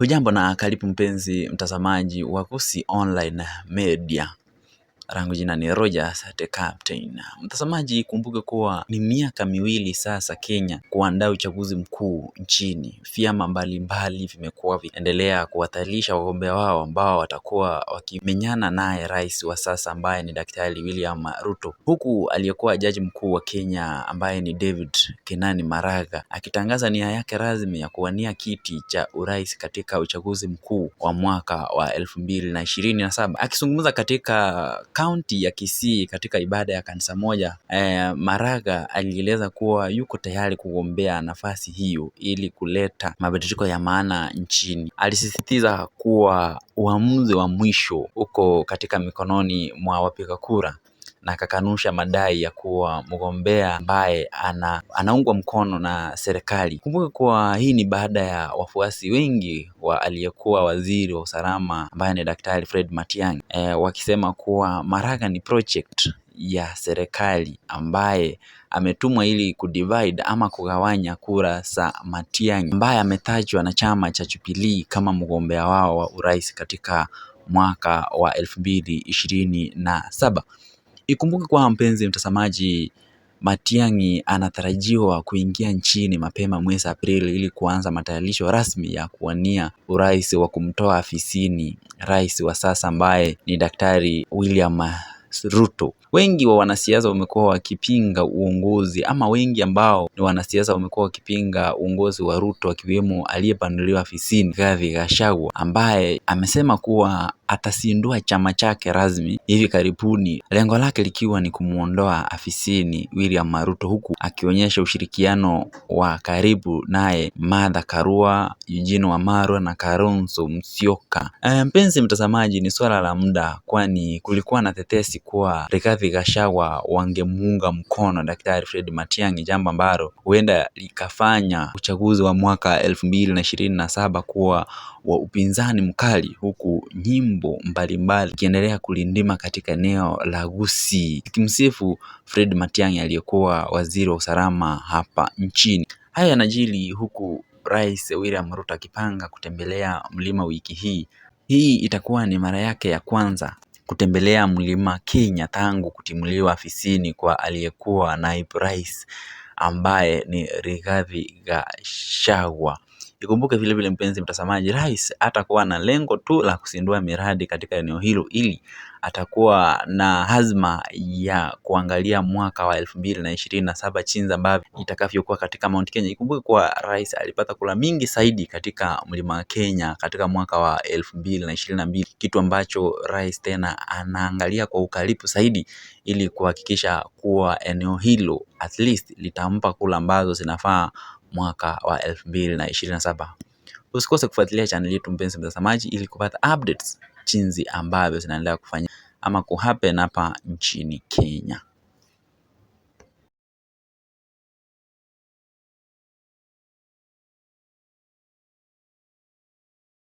Hujambo na karibu mpenzi mtazamaji wa kusi Online Media rangu jina ni Rogers the Captain. Mtazamaji, kumbuke kuwa ni miaka miwili sasa Kenya kuandaa uchaguzi mkuu nchini. Vyama mbalimbali vimekuwa viendelea kuwatalisha wagombea wao ambao watakuwa wakimenyana naye rais wa sasa ambaye ni Daktari William Ruto, huku aliyekuwa jaji mkuu wa Kenya ambaye ni David Kenani Maraga akitangaza nia yake rasmi ya kuwania kiti cha urais katika uchaguzi mkuu wa mwaka wa elfu mbili na ishirini na saba akizungumza katika kaunti ya Kisii katika ibada ya kanisa moja eh, Maraga alieleza kuwa yuko tayari kugombea nafasi hiyo ili kuleta mabadiliko ya maana nchini. Alisisitiza kuwa uamuzi wa mwisho uko katika mikononi mwa wapiga kura na akakanusha madai ya kuwa mgombea ambaye ana, anaungwa mkono na serikali. Kumbuka kuwa hii ni baada ya wafuasi wengi wa aliyekuwa waziri wa usalama ambaye ni Daktari Fred Matiang'i e, wakisema kuwa Maraga ni project ya serikali ambaye ametumwa ili kudivide ama kugawanya kura za Matiang'i ambaye ametajwa na chama cha Jubilee kama mgombea wao wa urais katika mwaka wa elfu mbili ishirini na saba. Ikumbuke kwa mpenzi mtazamaji, Matiang'i anatarajiwa kuingia nchini mapema mwezi Aprili ili kuanza matayarisho rasmi ya kuwania urais wa kumtoa afisini rais wa sasa ambaye ni Daktari William Ruto. Wengi wa wanasiasa wamekuwa wakipinga uongozi ama wengi ambao ni wanasiasa wamekuwa wakipinga uongozi wa Ruto, akiwemo aliyepanuliwa afisini Rigathi Gachagua ambaye amesema kuwa atasindua chama chake rasmi hivi karibuni, lengo lake likiwa ni kumwondoa afisini William Maruto, huku akionyesha ushirikiano wa karibu naye Martha Karua, Eugene Wamalwa na Kalonzo Musyoka. Eh, mpenzi mtazamaji, ni swala la muda, kwani kulikuwa na tetesi kuwa Rigathi Gachagua wangemuunga mkono Daktari Fred Matiang'i, jambo ambalo huenda likafanya uchaguzi wa mwaka elfu mbili na ishirini na saba kuwa wa upinzani mkali, huku nyimbo nyimbo mbalimbali ikiendelea kulindima katika eneo la Gusii, ikimsifu Fred Matiang'i aliyekuwa waziri wa usalama hapa nchini. Haya yanajiri huku Rais William Ruto akipanga kutembelea mlima wiki hii. Hii itakuwa ni mara yake ya kwanza kutembelea mlima Kenya tangu kutimuliwa afisini kwa aliyekuwa naibu rais ambaye ni Rigathi Gachagua. Ikumbuke vile vile mpenzi mtazamaji, rais atakuwa na lengo tu la kuzindua miradi katika eneo hilo, ili atakuwa na hazma ya kuangalia mwaka wa elfu mbili na ishirini na saba ambavyo itakavyokuwa katika Mount Kenya. Ikumbuke kuwa rais alipata kula mingi zaidi katika mlima wa Kenya katika mwaka wa elfu mbili na ishirini na mbili, kitu ambacho rais tena anaangalia kwa ukaribu zaidi ili kuhakikisha kuwa eneo hilo at least litampa kula ambazo zinafaa mwaka wa 2027. Usikose kufuatilia channel yetu mpenzi mtazamaji, ili kupata updates jinsi ambavyo zinaendelea kufanya ama kuhappen hapa nchini Kenya.